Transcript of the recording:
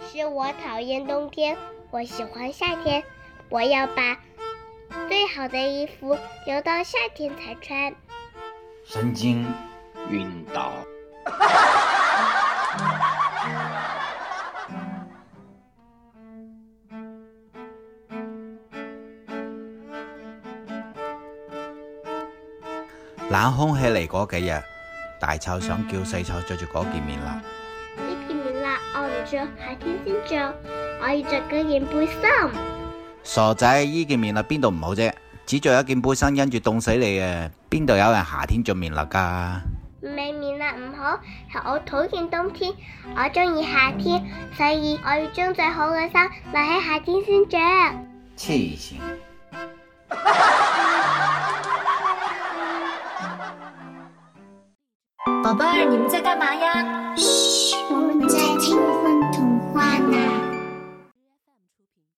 是我討厭冬天，我喜歡夏天。我要把最好的衣服留到夏天才穿。神經暈倒。 冷空氣嚟嗰幾日，大臭想叫細臭着住嗰件棉褸。着夏天先着，我要着嗰件背心。傻仔，依件棉褸邊度唔好啫？只着一件背心因住凍死你啊！邊度有人夏天着棉褸噶？未棉褸唔好，係我討厭冬天，我中意夏天，所以我要將最好嘅衫留喺夏天先着。黐線！哈哈寶貝，你們在幹嗎呀？